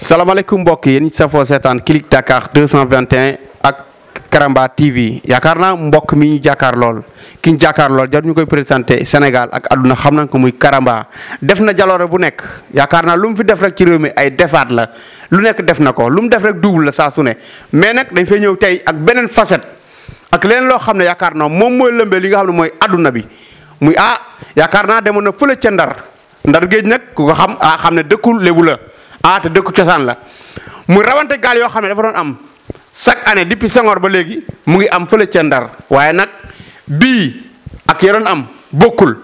salaamaaleykum mbokk yéen ñi safoo seetaan Click Dakar 221 ak Karamba TV yaakaar naa mbokk mi ñu jàkkaar lool ki ñu jàkkaar lool jar ñu koy présenté Sénégal ak àdduna xam nañ ko muy Karamba def na jaloore bu nekk yaakaar naa lu mu fi def rek ci réew mi ay defaat la lu nekk def na ko lu mu def rek double la saa su ne mais nag dañ fay ñëw tey ak beneen facette ak leneen loo xam ne yaakaar naa moom mooy lëmbee li nga xam ne mooy àdduna bi muy ah yaakaar naa demoon na fële ca Ndar Ndar géej nag ku ko xam ah xam ne dëkkul lébu la ah te dëkku cosaan la muy rawante gaal yoo xam ne dafa doon am chaque année depuis Senghor ba léegi mu ngi am fële ca Ndar waaye nag bii ak ya doon am bokkul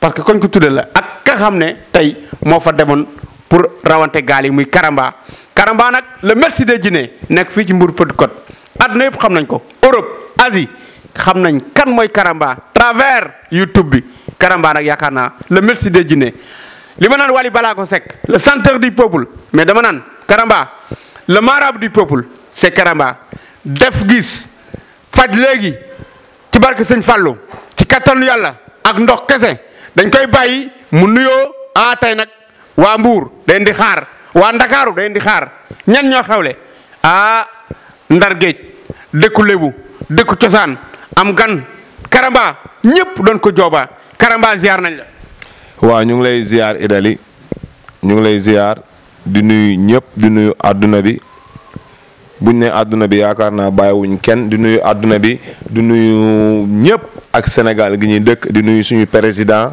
parce que koñ ko tudde la ak ka xam ne tey moo fa demoon pour rawante gaal yi muy Karamba Karamba nag le merci de Guinée nekk fii ci Mbour Petite Côte àdduna yëpp xam nañ ko Europe Asie xam nañ kan mooy Karamba travers YouTube bi Karamba nag yaakaar naa le merci de Guinée li ma naan Wally balaa ko le centre du peuple mais dama naan Karamba le marabout du peuple c' Karamba def gis faj léegi ci barke sëñ Fallou ci kattanu yàlla ak ndox kese dañ koy bàyyi mu nuyoo a ah, tey nag waa mbuur day di xaar waa Ndakaaru day di xaar ñan ñoo xewle ah Ndar Géej dëkku Lébu dëkku cosaan am gan Karamba ñëpp doon ko jooba Karamba ziar nañ la. waaw ñu ngi lay ziar Idali ñu ngi lay ziar. di nuyu ñëpp di nuyu àdduna bi buñ ne àdduna bi yaakaar naa bàyyiwuñ kenn di nuyu àdduna bi di nuyu ñëpp ak Sénégal gi ñuy dëkk di nuyu suñu président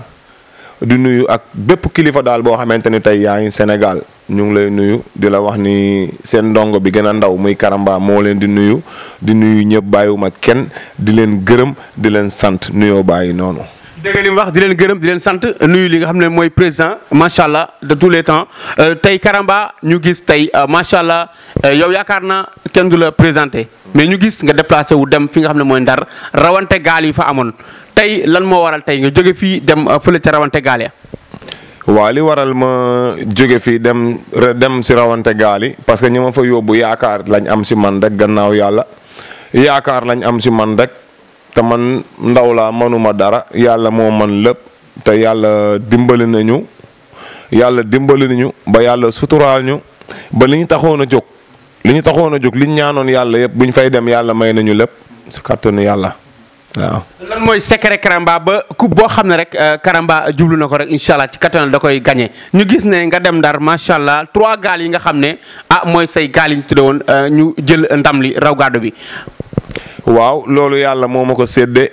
di nuyu ak bépp kilifa daal boo xamante ni tey yaa ngi Sénégal ñu ngi lay nuyu di la wax ni seen ndongo bi gën a ndaw muy Karamba moo leen di nuyu di nuyu ñëpp bàyyiwuma kenn di leen gërëm di leen sant nuyoo bàyyi noonu. dégg li mu wax di leen gërëm di leen sant nuyu li nga xam ne mooy président macha allah de tous les temps euh, tey Karamba ñu gis tey euh, macha allah euh, yow yaakaar naa kenn du la présenté mais ñu gis nga déplacé wu dem fi nga xam ne mooy ndar rawante gaal yi fa amoon tey lan moo waral tey nga jóge fii dem fële ca rawante gaal ya. waaw li waral ma jóge fii dem dem si rawante gaal parce que ñi ma fa yóbbu yaakaar lañ am si man rek gannaaw yàlla yaakaar lañ am si man rek. te man ndaw laa manuma dara yàlla moo man lépp te yàlla dimbali nañu yàlla dimbali nañu ba yàlla suturaal ñu ba li ñu taxoon a jóg li ñu taxoon a jóg li ñu ñaanoon yàlla yëpp bu ñu fay dem yàlla may nañu lépp si kàttanu yàlla waaw. lan mooy secret Karamba ba coupe boo xam ne rek euh, Karamba jublu na ko rek incha allah ci kattan da koy gañe ñu gis ne nga dem ndar macha allah trois gaal yi nga xam ne ah mooy say gaal yi ñu tuddee woon euh, ñu jël ndam li raw gàddu bi. waaw loolu yàlla moo ma ko sédde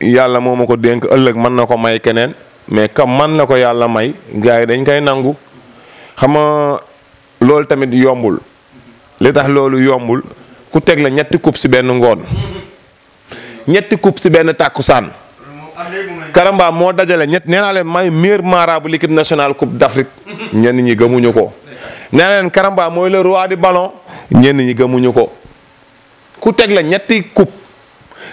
yàlla moo ma ko dénk ëllëg mën na ko may keneen mais kam man na ko yàlla may gars yi dañ koy nangu xam nga loolu tamit yombul li tax loolu yombul ku teg la ñetti coupe si benn ngoon ñetti coupe si benn tàkkusaan Karamba moo dajale ñett nee naa leen may meilleur marabout l'équipe nationale coupe d'Afrique ñenn ñi gëmuñu ko nee naa leen Karamba mooy le roi ballon ñenn ñi gëmuñu ko ku teg la ñetti coupe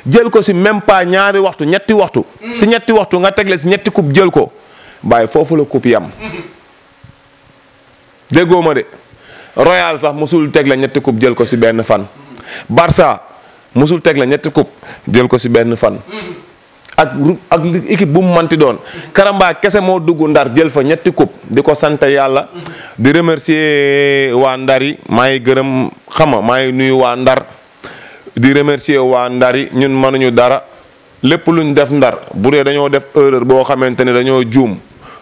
jël ko si même pas ñaari waxtu ñetti waxtu. Mm. si ñetti waxtu nga tegle si ñetti coupe jël ko bàyyi foofu la coupe yam. déggoo ma de Royal sax musul teg la ñetti coupe jël ko si benn fan. Barça musul teg la ñetti coupe jël ko si benn fan. Mm. ak ak équipe bu mu manti doon. Mm. Karamba kese moo dugg ndar jël fa ñetti coupe di ko sant yàlla. di remercier waa ndar yi maa ngi gërëm xama maa ngi nuyu waa ndar. di remercier waa ndar yi ñun mënuñu dara lépp lu ñu def ndar bu dee dañoo def erreur boo xamante ne dañoo juum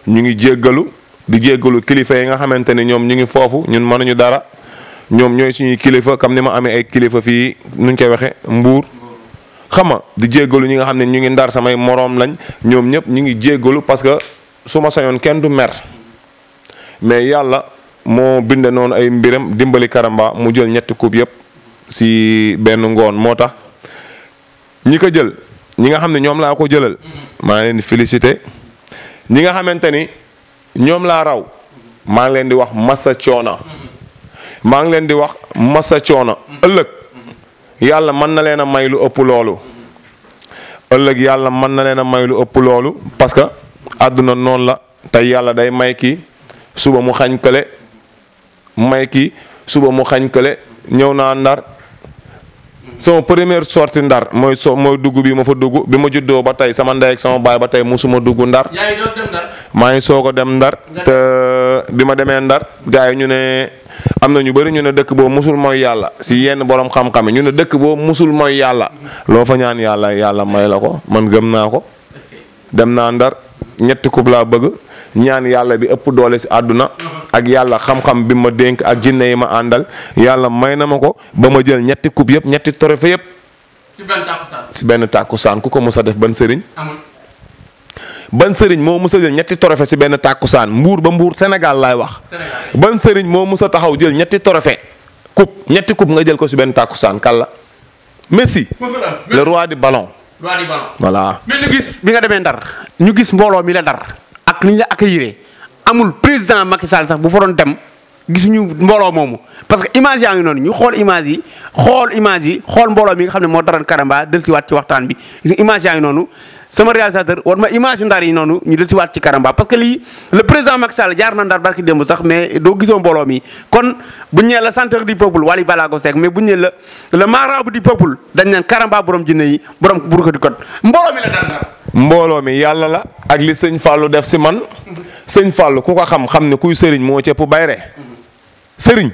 ñu ngi jéggalu di jéggalu kilifa yi nga xamante ne ñoom ñu ngi foofu ñun mënuñu dara ñoom ñooy suñuy kilifa comme ni ma amee ay kilifa fii nuñ koy waxe mbuur xam di jéggalu ñi nga xam ne ñu ngi ndar samay moroom lañ ñoom ñëpp ñu ngi jéggalu parce que su ma sañoon kenn du mer mais yàlla moo binde noonu ay mbiram dimbali Karamba mu jël ñetti coupe yëpp. si benn ngoon moo tax ñi ko jël ñi nga xam ne ñoom laa ko jëlal maa ngi leen di félicité ñi nga xamante ni ñoom laa raw maa ngi leen di wax massa coona maa ngi leen di wax massa coona ëllëg yàlla mën na leen a may lu ëpp loolu ëllëg yàlla mën na leen a may lu ëpp loolu parce que àdduna noonu la tey yàlla day may kii suba mu xañ kële may ki suba mu xañ kële ñëw naa ndar sama première sortie ndar mooy so mooy dugg bi ma fa dugg bi ma juddoo ba tey sama ndey ak sama baay ba tey suma dugg ndar. maa ngi soog a dem ndar. te bi ma demee ndar gars yi ñu ne am na ñu bëri ñu ne dëkk boobu musul mooy yàlla si yenn borom xam-xam yi ñu ne dëkk boobu musul mooy yàlla. loo fa ñaan yàlla yàlla may la ko man gëm naa ko. dem naa ndar ñetti coupe laa bëgg. ñaan yàlla bi ëpp doole si àdduna ak yàlla xam-xam bi ma dénk ak jinne yi ma àndal yàlla may na ma ko ba ma jël ñetti coupe yëpp ñetti trophée yëpp. si benn tàkkusaan si ku ko mos a def ban sëriñ. ban sëriñ moo mos a jël ñetti trophée si benn tàkkusaan mbuur ba mbuur Sénégal laay wax. ban sëriñ moo mos a taxaw jël ñetti trophée coupe ñetti coupe nga jël ko si benn tàkkusaan kàlla Messi. le roi du ballon. roi du ballon gis bi nga demee Ndar ñu gis mbooloo mi la Ndar. ak ni ñu la accueillir amul président Macky Sall sax bu fa dem gisuñu mbooloo moomu parce que image yaa ngi noonu ñu xool image yi xool image yi xool mbooloo mi nga xam ne moo daran Karamba del ci waat ci waxtaan bi image yaa ngi noonu sama réalisateur war ma image ndar yi noonu ñu del ci waat ci Karamba parce que lii le président Macky Sall jaar na ndar barki démb sax mais doo gisoo mbooloo mi kon bu ñu nee la centre du peuple Waly Balago Seck mais bu ñ nee la le marabout du peuple dañ naan Karamba borom mbooloo mi yàlla la ak li sëñ Fallou def si man sëñ Fallou ku ko xam xam ne kuy sëriñ moo cëpp bayre sëriñ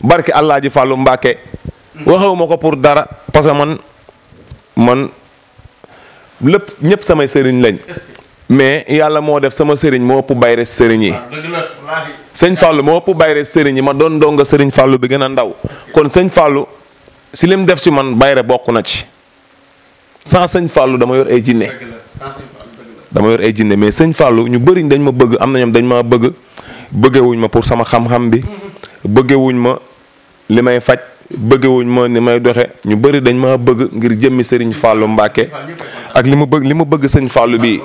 barke Alaaji Fallou Mbàkke waxewuma ko pour dara parce que man man lépp ñëpp samay sëriñ lañ mais yàlla moo def sama sëriñ moo ëpp bayre sëriñ yi sëñ Fallou moo ëpp bayre sëriñ yi ma doon donga sëriñ Fallou bi gën a ndaw kon sëñ Fallou si lim def si man bayre bokk na ci sans sëñ Fallou dama yor ay jinne dama yor ay jinne mais sëñ Fallou ñu bëriñ dañ ma bëgg am na ñoom dañ maa bëgg bëggewuñ ma pour sama xam-xam bi mm-hmm. bëggewuñ ma li may faj bëggewuñ ma ni may doxe ñu bëri dañ ma bëgg ngir jëmmi sëriñ fàllu Mbacke ak li ma bëgg li ma bëgg sëñ Fallou bii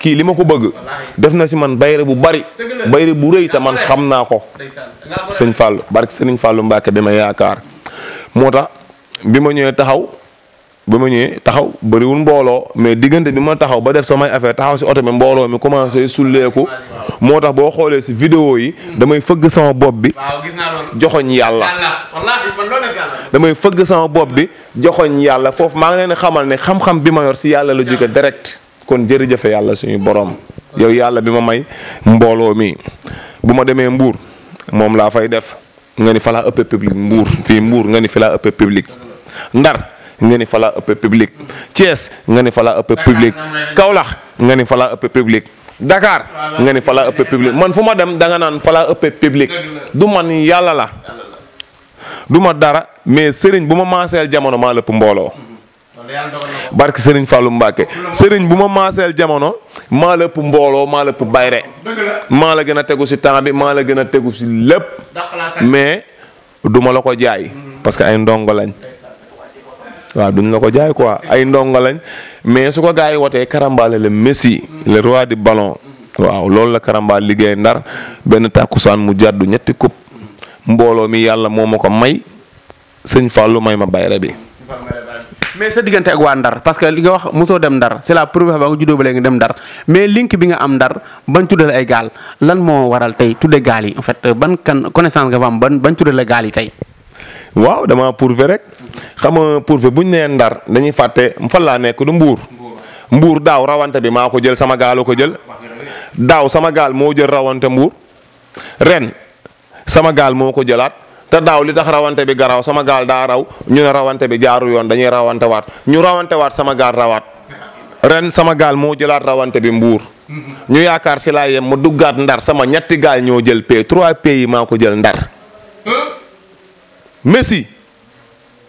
kii li ma ko bëgg def na si man bayre bu bari bayre bu rëy te man xam naa ko sëñ Fallou barke sëriñ fàllu Mbacke bi ma yaakaar moo tax bi ma ñëwee taxaw ba ma ñëwee taxaw bëriwul mbooloo mais diggante bi ma taxaw ba def samay affaire taxaw si oto bi mbooloo mi commencé sulleeku moo tax boo xoolee si video yi damay fëgg sama bopp bi joxoñ yàlla damay fëgg sama bopp bi joxoñ yàlla foofu maa ngi leen xamal ne xam-xam bi ma yor si yàlla la jóge direct kon jërëjëf yàlla suñu borom yow yàlla bi ma may mbooloo mi bu ma demee mbuur moom laa fay def nga ni falaa laa public mbuur fii mbuur nga ni fi laa ndar nga ni fa laa ëpp public Thiès nga ni fa laa ëpp public Kaolack nga ni fa laa ëpp public Dakar nga ni fa laa ëpp public man fu ma dem danga naan fa laa ëpp public du man yàlla la du ma dara mais sëriñ bu ma maaseel jamono maa lëpp mbooloo barke sëriñ Fallou Mbacke sëriñ bu ma maaseel jamono maa lëpp mbooloo maa lëpp bayre maa la gën a tegu si temps bi maa la gën a tegu si lépp mais du ma la ko jaay parce que ay ndongo lañ waaw duñ la ko jaay quoi ay ndongo lañ mais su ko gars yi wootee Karamba le Messi le roi du ballon waaw loolu la karambaal liggéey ndar benn tàkkusaan mu jàddu ñetti coupe mbooloo mi yàlla moo ma ko may sëñ Fallou may ma bayra bi. mais sa diggante ak waa ndar parce que li nga wax mosoo dem ndar c'est la première fois nga juddoo ba léegi dem ndar mais link bi nga am ndar bañ tuddal ay gaal lan moo waral tey tudde gaal yi en fait ban kan connaissance nga fa am ban bañ tuddal gaal yi tey. waaw dama pourvé rek xama nga pourvé bu ñu nee ndar dañuy fàtte fan laa nekk du mbuur mbuur daaw rawante bi maa ko jël sama gaaloo ko jël daaw sama gaal moo jël rawante mbuur ren sama gaal moo ko jëlaat te daaw li tax rawante bi garaaw sama gaal daa raw ñu ne rawante bi jaaru yoon dañuy rawante waat ñu rawante waat sama gaal rawaat ren sama gaal moo jëlaat rawante bi mbuur ñu yaakaar si laa yem ma duggaat ndar sama ñetti gaal ñoo jël pay trois pays maa ko jël ndar Messi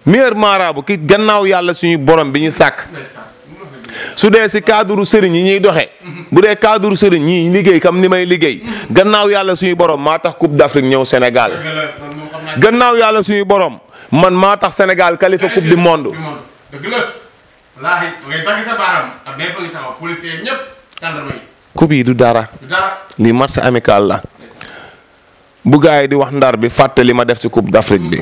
meilleur maaraabu ki gannaaw yàlla suñu borom bi ñu sàkk su dee si cadre sëriñ yi ñuy doxee bu dee cadre sëriñ ñi liggéey kam ni may liggéey gannaaw yàlla suñu borom maa tax coupe d'Afrique ñëw Sénégal gannaaw yàlla suñu borom man maa tax Sénégal kalifa coupe du monde. coupe yi du dara. lii match amical la. bu gars yi di wax ndar bi fàtte li ma def si coupe d'Afrique bi.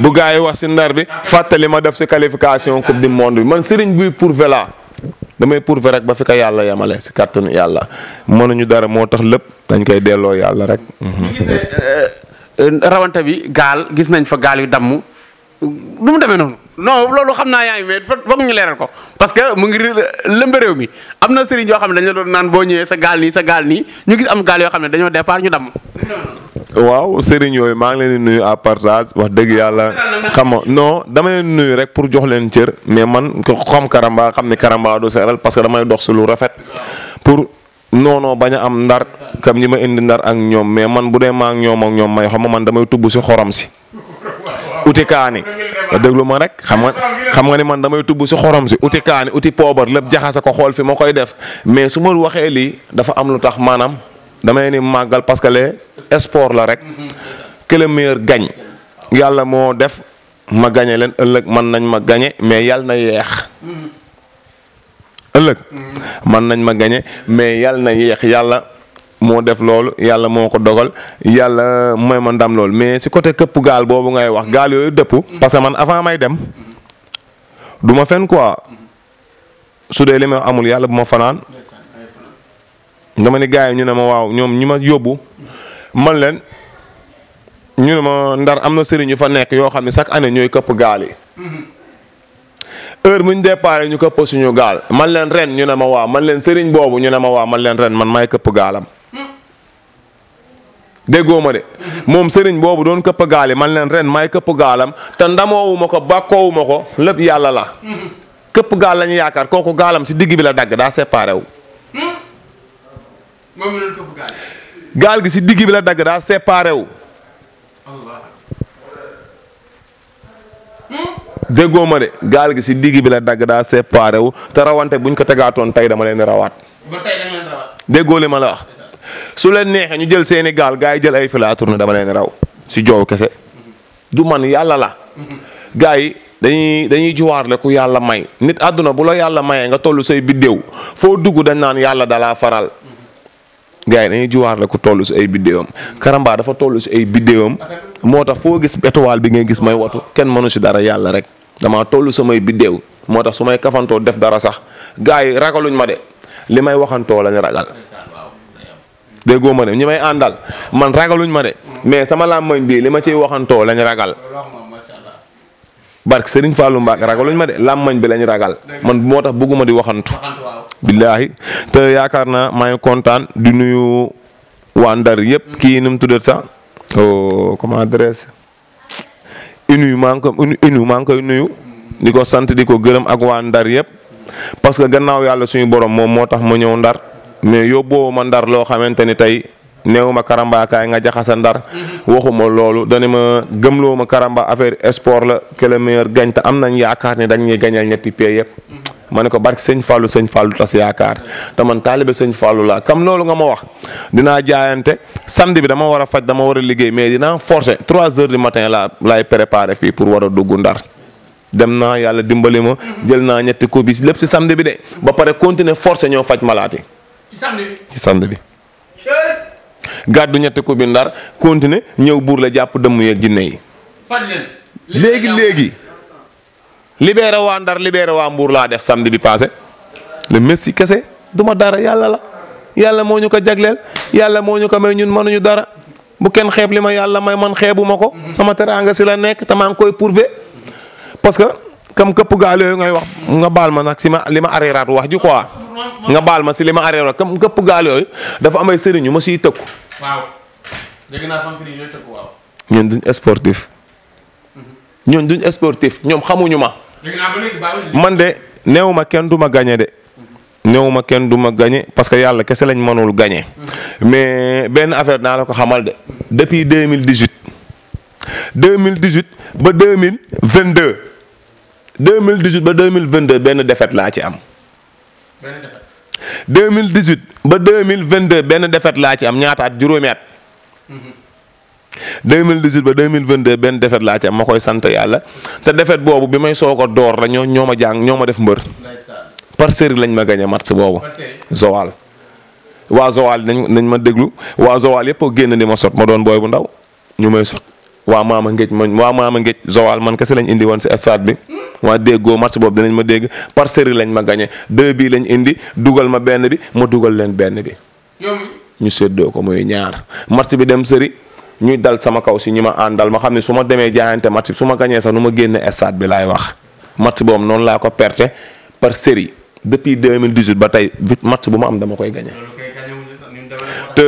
bu gars yi wax si ndar bi fàttali ma def si qualification coupe du monde bi man sëriñ buy pourvu laa damay pourvu rek ba fi ko yàlla yemale si kàttanu yàlla moo ñu dara moo tax lépp dañ koy delloo yàlla rek. Euh, euh, rawante bi gaal gis nañ fa gaal yu damm lu mu demee noonu. non loolu xam naa yaa ngi mais foog ñu leeral ko parce que mu ngi lëmbe réew mi am na sëriñ yoo xam ne dañu doon naan boo ñëwee sa gaal nii sa gaal nii ñu gis am gaal yoo xam ne dañoo départ ñu damm. waaw sëriñ yooyu maa ngi leen nuyu à partage wax dëgg yàlla xam nga non dama leen nuyu rek pour jox leen cër mais man xam Karamba xam ne Karamba du seeral parce que damay dox si lu rafet pour noono bañ a am ndar kam ñi ma indi ndar ak ñoom mais man bu dee maa ak ñoom ak ñoom may xam ma man damay tubb si xorom si uti kaani déglu ma rek xam nga xam nga ni man damay tubb si xorom si uti kaani uti poobar lépp jaxase ko xool fi ma koy def mais su ma waxee lii dafa am lu tax maanaam damay ni màggal parce que le la rek que le meilleur yàlla moo def ma gañe leen ëllëg man nañ ma gañe mais yàlla na yeex ëllëg man nañ ma gañe mais yàlla na yeex yàlla moo def loolu yàlla moo ko dogal yàlla mooy ma ndam loolu mais si côté këpp gaal boobu ngay wax gaal yooyu dëpp parce que man avant may dem du fen quoi su dee li ma amul yàlla bu ma fanaan dama ni gars yi ñu ne ma waaw ñoom ñi ma yóbbu man leen ñu ne ma ndar am na sëriñ yu fa nekk yoo xam ne chaque année ñooy këpp gaal yi muñ mhm. bu ñu déparé këpp suñu gaal man leen ren ñu ne ma waaw man leen sëriñ boobu ñu ne ma waaw man leen man may këpp gaalam mhm. déggoo ma de mhm. moom sëriñ boobu doon këpp gaal man leen ren maay këpp gaalam te ndamoowu ko bàkkoowu ma ko lépp yàlla la këpp gaal lañu yaakaar kooku gaalam si digg bi la dagg daa séparé wu moom gaal gi si digg bi la dagg daa séparé wu. ma de gaal gi si digg bi la dagg daa séparé te rawante buñ ko tegaatoon tey dama leen rawaat. ba li ma la su leen neexee ñu jël seeni gaal gaa yi jël ay filature na dama leen raw si joow kese. du man yàlla la. gars yi dañuy dañuy juwaarle ku yàlla may. nit àdduna bu la yàlla mayee nga toll say biddéew foo dugg dañ naan yàlla dalaa faral. gars yi dañuy jiwaar la ku toll si ay biddéewam Karamba dafa toll si ay biddéewam moo tax foo gis étoile bi ngay gis may watu kenn mënu si dara yàlla rek damaa toll samay biddéew moo tax su may kafantoo def dara sax gars yi ragaluñ ma de li may waxantoo lañ ragal déggoo ma ne ñi may àndal man ragaluñ ma de mais sama làmmañ bi li ma ciy waxantoo lañ ragal barke Serigne Fallou Mbacke ragaluñ ma de làmmañ bi lañ ragal man moo tax bëgguma di waxantu billaahi te yaakaar naa maa ngi kontaan di nuyu waa Ndar yëpp kii nu mu tuddee sax oh, comment adresse inu maa ngi ko maa ngi koy nuyu. di ko sant di ko gërëm ak waa Ndar yëpp parce que gannaaw yàlla suñu borom moom moo tax ma ñëw Ndar mais yóbboo ma Ndar loo xamante ni tey. néew ma karamba nga jaxasa ndar mm-hmm. waxuma loolu dana ma gëmloo ma karamba affaire sport la que le meilleur am nañ yaakaar ne dañ ñuy gañal ñetti pay yëpp mm-hmm. ma ne ko barke sëñ Fallou sëñ Fallou tas yaakaar te man taalibe sëñ Fallou laa kam loolu nga ma wax dinaa jaayante samedi bi dama war a faj dama war a liggéey mais dinaa forcer trois heures du matin laa laay préparer fii pour war a dugg ndar dem naa yàlla dimbali ma jël naa ñetti copies lépp si samedi bi de ba pare continuer forcer ñëw faj malaati ci samedi bi gàddu ñetti copies ndar continuer ñëw buur la jàpp dëmm yeeg jinne yi léegi léegi libéré waa Ndar libéré waa mbuur laa def samedi bi passé le Messi kese duma dara yàlla la yàlla moo ñu ko jagleel yàlla moo ñu ko may ñun mënuñu dara bu kenn xeeb li ma yàlla may man xeebu ma ko. sama teraanga si la nekk te maa ngi koy prouver parce que comme këpp gaal yooyu ngay wax nga baal ma nag si ma li ma arréeraat wax ji quoi nga baal ma si li ma arréeraat comme këpp gaal dafa amay sëriñ yu ma siy tëkku. waaw dégg naa mhm. duñ sportif ñoom xamuñu ma. man de néew ma kenn du ma gañe de. néew ma kenn du ma gañe parce que yàlla kese lañ mënul gañe. mais benn affaire naa la ko xamal de. depuis deux mille dix huit. deux mille dix huit ba deux mille vingt deux. deux mille dix huit ba deux mille vingt deux benn défaite laa ci am. deux mille dix huit ba deux mille vingt deux benn défaite laa ci am ñaata at juróomi at. Mhm. mille 2018 ba 2022 benn defet laa ci am ma koy sant yàlla te defet boobu bi may soog a door la ñoo ñoo ma jàng ñoo ma def mbër par série lañ ma gañe match boobu Joal waa Joal nañ ma déglu waa yëpp a génn ma sot ma doon booy bu ndaw ñu may sot waa maama ngéej ma waa maama ngéej Joal man kese lañ indi woon si stade bi hmm? waa déggoo match boobu danañ ma dégg par série lañ ma gañe deux bii lañ indi dugal ma benn bi ma dugal leen benn bi ñu séddoo ko muy ñaar match bi dem série ñuy dal sama kaw si ñi ma àndal ma xam ne su ma demee jaayante match su ma gañee sax nu ma génne stade bi laay wax match boobu noonu laa ko perte par série depuis 2018 ba tey match bu ma am dama koy gañe te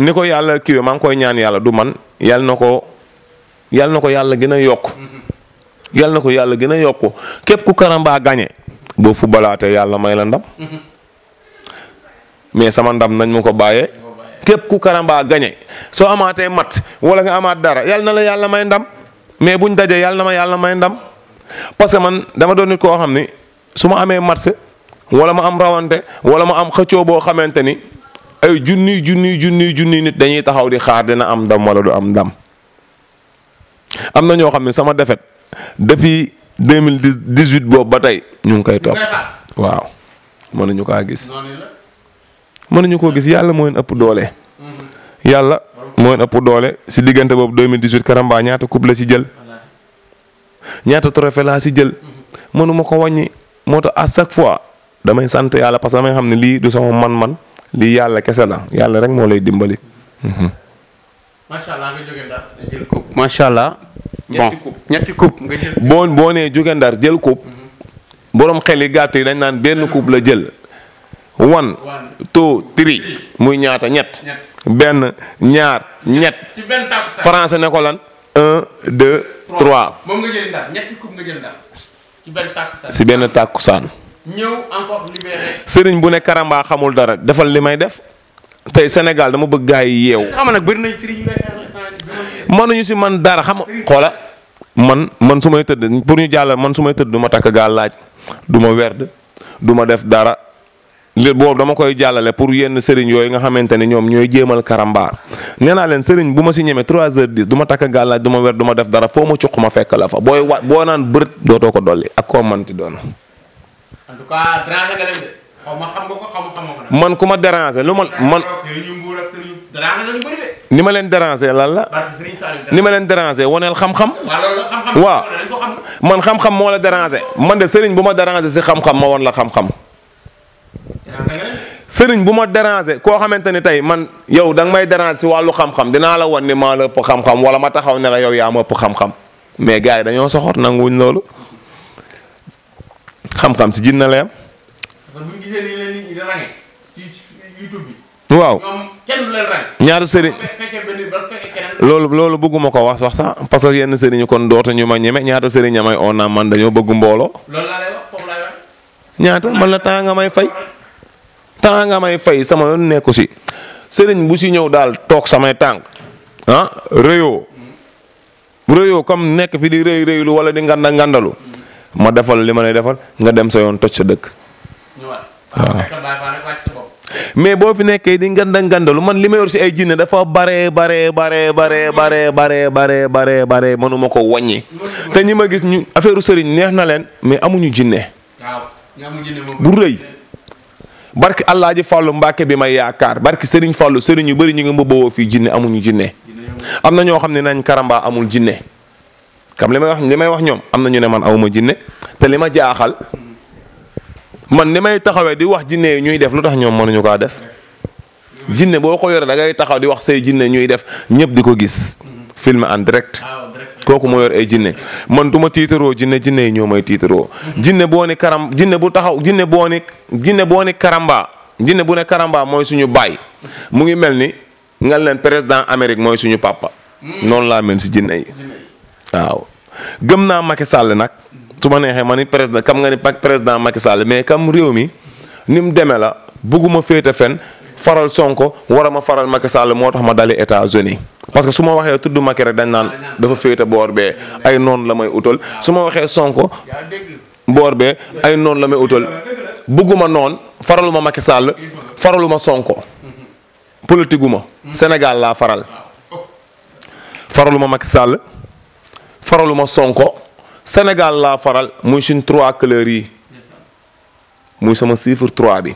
ni ko yàlla kiiwee maa ngi koy ñaan yàlla du man yàlla na ko yàlla na ko yàlla gën a yokk yàlla na ko yàlla gën a yokk képp ku karamba gañe boo fu balaatee yàlla may la ndam mhm. mais sama ndam nañ ma ko bàyyee képp ku karamba gañe soo amaatee mat wala nga amaat dara yàlla na la yàlla may ndam mais buñ dajee yàlla ma yàlla may ndam parce que man dama doon nit koo xam ni su ma amee mat wala ma am rawante wala ma am xëccoo boo xamante ni ay junniy junniy junniy junni nit dañuy taxaw di xaar dina am ndam wala du am ndam. am na ñoo xam ne sama defet depuis deux mille dix-huit boobu ba tey ñu ngi koy topp waaw mënuñu kaa gis. mën nañu koo gis yàlla moo leen ëpp doole. yàlla moo na ëpp doole si diggante boobu 2018 Karamba ñaata coupe la si jël ñaata trophée laa si jël mënuma ko wàññi moo tax à chaque fois damay sant yàlla parce que damay xam ne lii du sama man-man lii yàlla kese la yàlla rek moo lay dimbali. Mhm. macha allah nga jóge ndar jël coupe boo nee jóge ndar jël coupe. Mhm. borom xel yi gàtt yi dañ naan benn coupe la jël. one two three muy ñaata ñett benn ñaar ñett français ne ko lan un deux trois benn tàkkusaan si benn tàkkusaan ñëw sëriñ bu ne karamba xamul dara defal li may def tey Sénégal dama bëgg gaay yi yeewu xam nag bëri nañ sëriñ si man dara xam xoola man man su may tëdd pour ñu jàll man su may tëdd du ma takk gaal laaj du ma werd duma def dara li boobu dama koy jàllale pour yenn sëriñ yooyu nga xamante ne ñoom ñooy jéemal karamba nee naa leen sëriñ bu ma si ñemee 3 heures 10 du takk gàllaaj du ma wer du ma def dara foo ma cuq ma fekk la fa booy wa boo naan bërët dootoo ko dolli ak koo manti doon. en ko ma xamoo ko man ku ma lu ma man. ni ma leen déranger lan la. ni ma leen déranger woneel xam-xam. waaw man xam-xam moo la déranger man de sëriñ bu ma déranger si xam-xam ma won la xam-xam. sëriñ bu ma déranger koo xamante ni tey man yow danga may déranger si wàllu xam-xam dinaa la won ni maa la ëpp xam-xam wala ma taxaw ne la yow yaa ma ëpp xam-xam mais gars yi dañoo soxor nanguwuñ loolu xam-xam si jinna la am. waaw ñaata sëriñ loolu loolu bëgguma ko wax wax sax parce que yenn sëriñ kon dootuñu ma ñeme ñaata sëriñ ñamay on man dañoo bëgg mbooloo. ñaata man la temps nga may fay. tant nga may fay sama yoon nekku si sëriñ bu si ñëw daal toog samay tànk ah réyoo réyoo comme nekk fi di rëy rëylu wala di nganda ngandalu ma defal li ma lay defal nga dem sa yoon toj sa dëkk. Ah. mais boo fi nekkee di nganda ngandalu man li ma yor si ay jinne dafa bare bare bare bare bare bare bare bare bare mënuma ko wàññi. te ñi ma gis ñu affaire sëriñ neex na leen mais amuñu jinne bu rëy. barki Allaaji Fàllu Mbàkke bi may yaakaar barki Serigne Fàllu Serigne yu bëri ñu ngi mbubboo fii jinne amuñu jinne am na ñoo xam ne nañ karambaa amul jinne kam li may wax li may wax ñoom am na ñu ne man awuma jinne te li ma jaaxal man li may taxawee di wax jinne yi ñuy def lu tax ñoom mënuñu kaa def jinne boo ko yoree da ngay taxaw di wax say jinne ñuy def ñëpp di ko gis film en direct. kooku moo yor ay jinne man du tiitaroo jinne jinne yi ñoo may tiitaroo jinne boo ni karam jinne bu taxaw jinne boo ni jinne boo ni jinne bu ne karamba mooy suñu baay mu ngi mel ni nga leen président Amérique mooy suñu papa noonu laa mel si jinne yi waaw gëm naa Macky Sall nag su ma neexee ma ni président kam nga ni président Macky Sall mais kam réew mi ni mu demee la bugguma féete fen faral Sonko war ma faral Macky Sall moo tax ma dali États-Unis parce que su ma waxee tudd Macky rek dañ naan dafa féete boor bee ay noon la may utal su ma waxee Sonko boor bee ay noon la may utal bëgguma noon faraluma Macky Sall faraluma Sonko politikuma Sénégal laa faral faraluma Macky Sall faraluma Sonko Sénégal laa faral muy suñ trois couleurs yi muy sama chiffre trois bi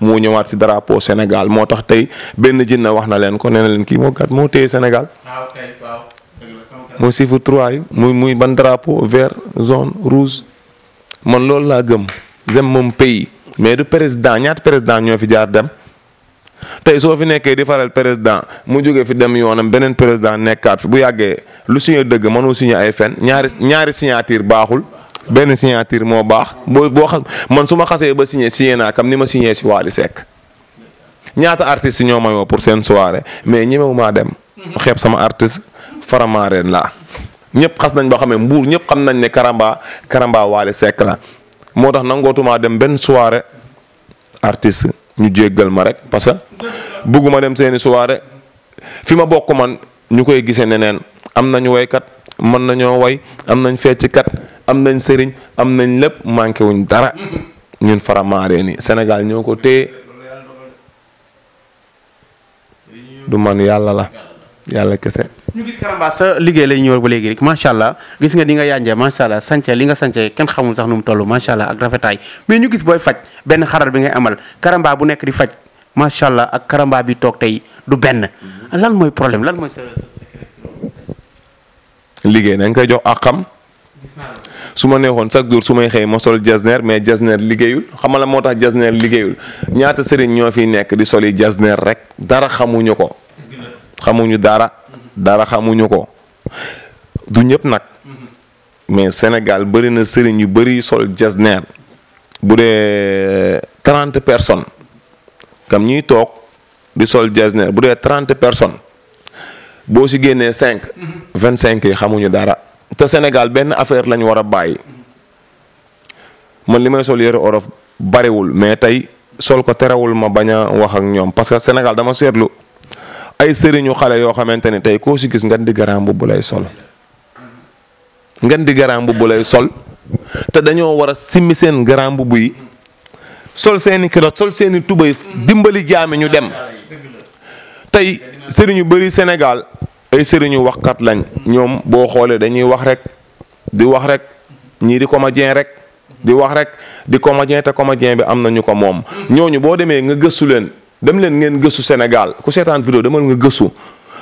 moo ñëwaat si drapeau Sénégal moo tax tey benn jinne wax na leen ko nee na leen kii moo kat moo téye Sénégal. moo ah, sifu trois yi muy muy ban drapeau vert zone rouge man loolu laa gëm j'aime moom pays mais du président ñaata président ñoo fi jaar dem tey soo fi nekkee di faral président mu jóge fi dem yoonam beneen président nekkaat bu yàggee lu signé dëgg mënoo signé ay fen ñaari ñaari signature baaxul benn signature moo baax boo boo xam man su ma xasee ba signé signé naa kam ni ma signé si Wally Seck ñaata artistes ñoo may pour seen soirée mais ñemewu maa dem. xeeb sama artiste faramaareen laa ñëpp xas nañ ba xamee mbuur ñëpp xam nañ ne Karamba Karamba Wally Seck la moo tax nangootumaa dem benn soirée artiste ñu jéggal ma rek parce que bëgguma dem seeni soirée fi ma bokk man ñu koy gisee neneen am nañu waykat mën nañoo woy am nañ kat am nañ sëriñ am nañ lépp manqué wuñ dara ñun faramaaree ni Sénégal ñoo ko téye du man yàlla la yàlla kese. ñu gis Karamba sa liggéey lay ñëw ba léegi rek macha allah gis nga di nga yànjee macha allah sànce li nga sànce kenn xamul sax nu mu toll macha allah ak rafetaay mais ñu gis booy faj benn xaral bi ngay amal Karamba bu nekk di faj macha allah ak Karamba bi toog tey du benn lan mooy problème lan mooy sa. liggéey nañ koy jox xam su ma neexoon chaque jour su may xëy ma sol jasneer mais jasneer liggéeyul xamala moo tax jasneer liggéeyul ñaata sëriñ ñoo fi nekk di soli jasneer rek dara xamuñu ko. xamuñu dara. dara xamuñu ko du ñëpp nag. mais Sénégal bëri na sëriñ yu bëri sol jasneer bu dee trente personnes kam ñuy toog di sol jasneer bu dee trente personnes. boo si génnee cinq mhm. vingt cinq yi xamuñu dara te Sénégal benn affaire lañ war a bàyyi man li may sol yëre orof bariwul mais tey sol ko terewul ma bañ a wax ak ñoom parce que Sénégal dama seetlu ay sëriñu xale yoo xamante ni tey koo si gis ngan di garaam bu sol ngan di garaam sol te dañoo war a simmi seen garaam bu yi sol seeni kilot sol seeni tubay dimbali jaami ñu dem tey sëriñu bëri Sénégal ay sëriñu kat lañ ñoom boo xoolee dañuy wax rek di wax rek ñii di comédien rek di wax rek di comédien te comédien bi am na ñu ko moom ñu boo demee nga gëstu leen dem leen ngeen gëstu Sénégal ku seetaan vidéo demal nga gëstu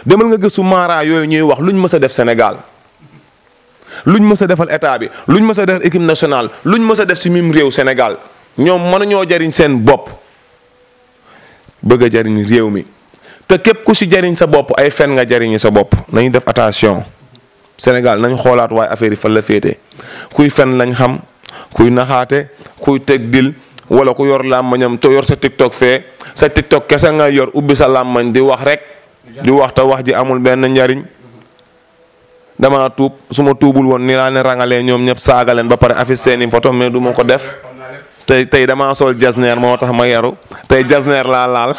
demal nga gëstu maara yooyu ñuy wax luñ mës a def Sénégal luñ mës a defal état bi luñ mës a def équipe nationale luñ mës a def si mim réew senegal ñoom ñoo jariñ seen bopp bëgg a jariñ réew mi te képp ku si jariñ sa bopp ay fen nga jariñi sa bopp nañu def attention Sénégal nañ xoolaat waaye affaire yi fan la féete kuy fen lañ xam kuy naxaate kuy teg dil wala ku yor làmmañam te yor sa tiktok fee sa tiktok kese ngay yor ubbi sa làmmañ di wax rek di wax te wax ji amul benn njariñ dama tuub su ma tuubul woon ni laa ne rangalee ñoom ñëpp saaga leen ba pare affiche seeni photo mais duma ko def tey tey damaa sol jasneer moo tax ma yaru tey jasneer laa laal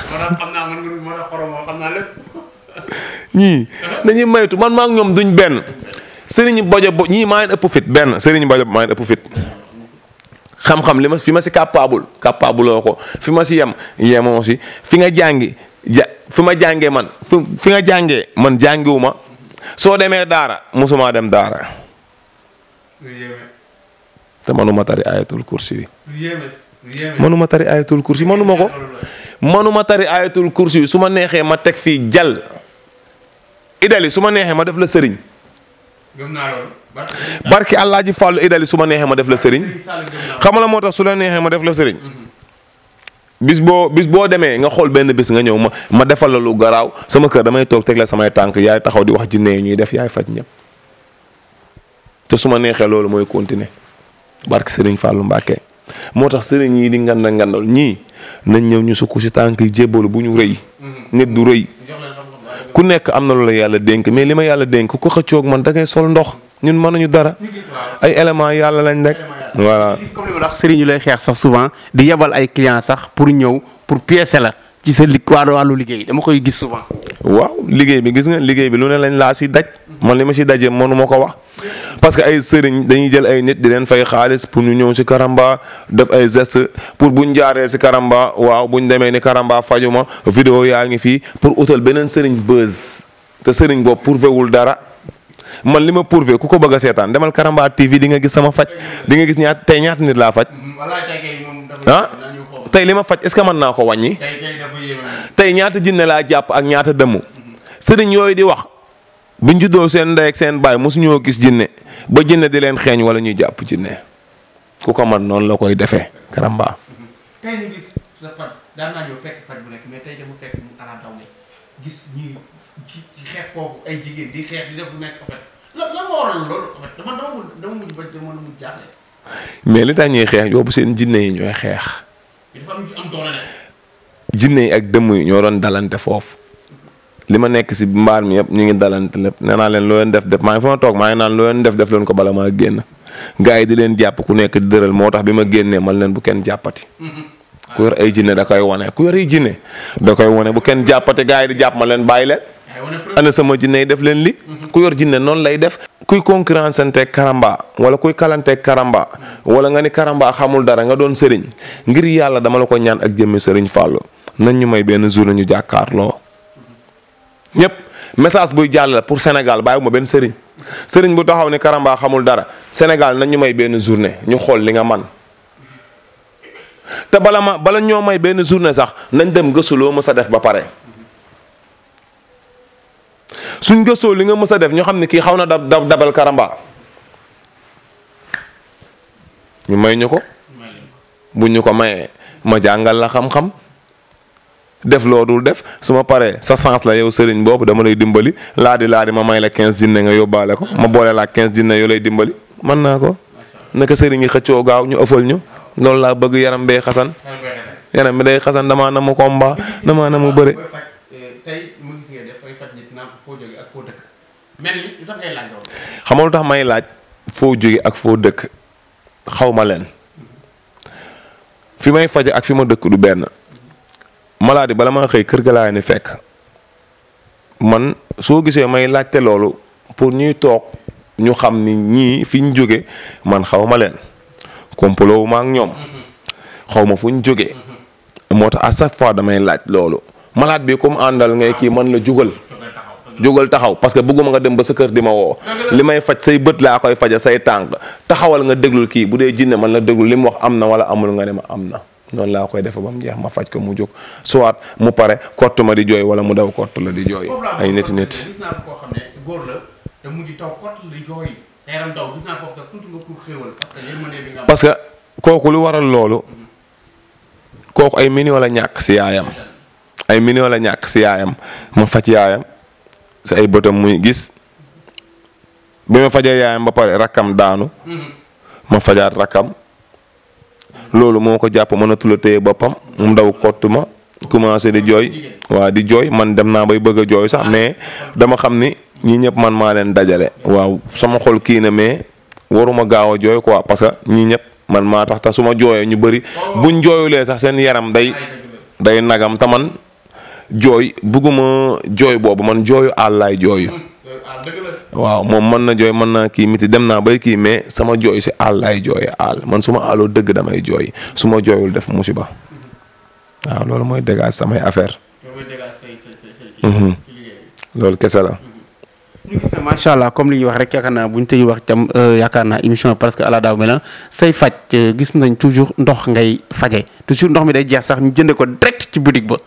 ñii dañuy maytu man maa ngi ñoom duñ benn sëriñ bojo bo ñii maa leen ëpp fit benn sëriñ bojo maa leen ëpp fit xam-xam li ma fi ma si capable capable loo ko fi ma si yem yemoo fi nga jàngi ja fi ma jàngee man fi nga jànge man jàngiwu ma soo demee daara mosumaa dem daara te manuma tari ayatul kursi bi manuma tari ayatul kursi manuma ko manuma tari ayatul kursi bi su ma neexee ma teg fii jal idali su ma neexee ma def la sëriñ. gëm naa loolu. barki Fàllu idali su ma neexee ma def la sëriñ. xam la moo tax su la neexee ma def la sëriñ. Mhm. bis boo bis boo demee nga xool benn bis nga ñëw ma ma defal la lu garaaw sama kër damay toog teg la samay tànk yaay taxaw di wax jinne ñuy def yaay faj ñëpp te su ma neexee loolu mooy continuer barki sëriñ Fàllu Mbàkke moo tax sëriñ yi di nganda ngandal ñii nañ ñëw ñu sukk si tànk yi jébbalu bu ñu rëy mhm. nit du rëy ku nekk am na lu la yàlla dénk mais li ma yàlla dénk ku xëccoog man da ngay sol ndox ñun mën nañu dara ay éléments yàlla lañ rek waa comme li ñu lay xeex sax souvent di yebal ay clients sax pour ñëw pour piéger la. ci sa li wàllu liggéey dama koy gis souvent. waaw liggéey bi gis nga liggéey bi lu ne lañ laa si daj man li ma si dajee mënu ko wax parce que ay sëriñ dañuy jël ay nit di leen fay xaalis pour ñu ñëw si karamba def ay geste pour buñ jaaree si karamba waaw buñ demee ni karamba fajuma vidéo yaa ngi fii pour utal beneen sëriñ buzz te sëriñ boobu prouvé wul dara man li ma prouvé ku ko bëgg a seetaan demal karamba TV di nga gis sama faj di nga gis ñaat tey ñaata nit laa faj ah tey li ma faj est-ce que mën naa ko wàññi. tey ñaata jinne laa jàpp ak ñaata dëmm. sëriñ yooyu di wax buñ juddoo seen ndey ak seen baay mosuñoo gis jinne ba jinne di leen xeeñ wala ñuy jàpp jinne ku ko man noonu la koy defee Karamba. mais ay mais li tax ñuy xeex yoobu seen jinne yi ñooy xeex. jinne yi ak dëmm yi ñoo doon dalante foofu li ma nekk si mbaar mi yëpp ñu ngi dalante lépp nee naa leen loo leen def def maa ngi fa ma toog maa ngi naan loo leen def def leen ko bala maa génn gars yi di leen jàpp ku nekk di dërël moo tax bi ma génnee man leen bu kenn jàppati. Mm-hmm. ku yor ay jinne da koy wane ku yor ay jinne da koy wone bu kenn jàppati gars yi di jàpp ma leen bàyyi leen. ana sama jinne yi def leen li. Mm-hmm. ku yor jinne noonu lay def. kuy concurrence anteeg karamba wala kuy kalanteeg karamba wala nga ni karamba xamul dara nga doon sëriñ ngir yàlla dama la ko ñaan ak jëmmi sëriñ Fallou nañ ñu may benn jour ñu jàkkaarloo ñëpp message buy jàll pour Sénégal bàyyi ma benn sëriñ sëriñ bu taxaw ne karamba xamul dara Sénégal nañ ñu may benn journée ñu xool li nga man te bala ma bala ñoo may benn journée sax nañ dem gëstu loo mës a def ba pare. suñ gëstoo li nga mës a def ñu xam ne kii xaw na dab dabal karamba ñu may ñu ko bu ñu ko mayee ma jàngal la xam-xam def loo dul def su ma paree sa sens la yow sëriñ boobu dama lay dimbali laa di ma may la quinze jinne nga yóbbaale ko ma boole laa quinze jinne yoo lay dimbali man naa ko naka sëriñ yi xëccoo gaaw ñu ëffal ñu loolu laa bëgg yaram bay xasan yaram bi day xasan damaa na combat damaa na mu mel ni tax may laaj foo jóge ak foo dëkk xaw ma leen fi may faje ak fi ma dëkk du benn maladie bala maa xëy kër ga laa ni fekk man soo gisee may laajte loolu pour ñuy toog ñu xam ni ñii fi ñu jóge man xaw ma leen kompaloowu ma ak ñoom mm-hmm. xaw ma fu ñu jógee mm-hmm. moo tax à chaque fois damay laaj loolu malaat bi comme àndal ngay kii man la jugal jógal taxaw parce que bëgguma nga dem ba sa kër di ma woo li may faj say bët laa koy faja say tànk taxawal nga déglul kii bu dee jinne man la déglu li mu wax am na wala amul nga ne ma am na noonu laa koy defe ba mu jeex ma faj ko mu jóg soit mu pare kott ma di jooy wala mu daw kott la di jooy ay nit nit que kooku lu waral loolu kooku ay million la ñàkk si yaayam ay million la ñàkk si yaayam ma faj yaayam si ay bëtam muy gis bi ma fajee yaayam ba pare rakkam daanu ma fajaat rakkam loolu moo ko jàpp mënatul a téye boppam mu daw kottu ma commencé di jooy waaw di jooy man dem naa bay bëgg a jooy sax mais dama xam ni ñii ñëpp man maa leen dajale waaw sama xol kii na mais waruma gaaw a jooy quoi parce que ñii ñëpp man maa tax te su ma jooyee ñu bëri buñ jooyulee sax seen yaram day day nagam taman jooy bëgguma jooy boobu man jooyu àll jooy hmm, waaw moom mën na jooy mën naa kii miti dem naa bay kii mais sama jooy si àll jooy jooyee àll man su ma àlloo dëgg damay jooy su ma jooyul def musiba hmm. waaw loolu mooy dégage samay affaire loolu mhm. kese la. Hmm. ñu gis comme li ñuy wax rek yaakaar naa bu ñu tëjee wax itam euh, yaakaar naa émission parce que ala daaw mel na say faj euh, gis nañ toujours ndox ngay faje toujours ndox mi day jeex sax ñu jënde ko direct ci boutique ba.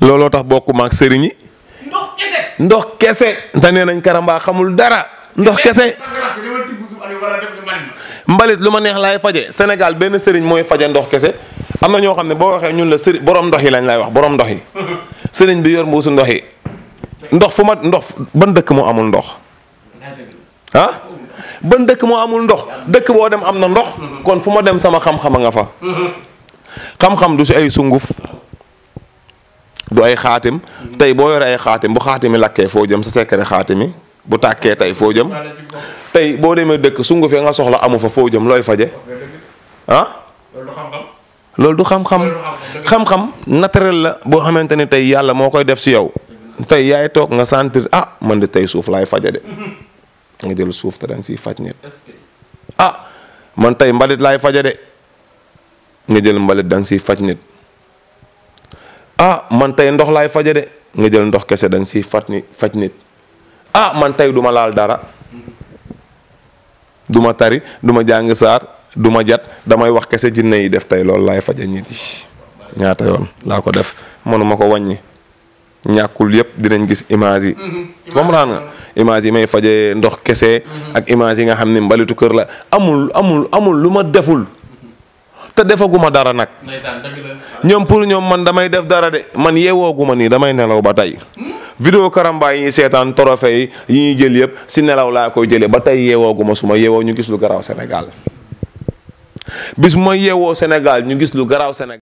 looloo tax bokkuma ak sëriñ ndox kese. ndox kese te nañ karamba xamul dara. ndox kese. mbalit lu ma neex laay faje Sénégal benn sëriñ mooy faje ndox kese am na ñoo xam ne boo waxee ñun la sëriñ borom ndox yi lañ lay wax borom ndox yi. sëriñ bi yor mbuusu ndox yi. ndox fu ma ndox ban dëkk moo amul ndox. ah ban dëkk moo amul ndox dëkk boo dem am na ndox. kon fu ma dem sama xam-xam a nga fa. xam-xam du si ay sunguf. du ay xaatim tey boo yore ay xaatim bu xaatimi lakkee foo jëm sa secret xaatimi bu tàkkee tey foo jëm tey boo demee dëkk sungu fee nga soxla amu fa foo jëm looy faje ah loolu du xam-xam xam naturel la boo xamante ni tey yàlla moo koy def si yow tey yaay toog nga santir ah man de tey suuf laay faje de nga jël suuf te danga siy faj nit ah man tey mbalit laay faje de nga jël mbalit danga si faj nit ah man tey ndox laay faje de nga jël ndox kese da nga siy fat ni faj nit ah man tey duma laal dara duma tari duma ma jàng saar duma ma jat damay wax kese jinne yi def tey loolu laay faje nit yi ñaata yoon laa ko def mënuma ko waññi ñàkkul yëpp dinañ gis image yi mhm. comprendre nga image yi may faje ndox kese mhm. ak image yi nga xam ne mbalitu kër la amul amul amul lu ma deful te defaguma dara nag. ñoom pour ñoom man damay def dara de man yeewooguma nii damay nelaw ba tey. vidéo karamba yi ñuy seetaan trophée yi ñuy jël yëpp si nelaw laa koy jëlee ba tey yeewooguma su ma yeewoo ñu gis lu garaaw senegal bis ma yeewoo Sénégal ñu gis lu garaaw Sénégal.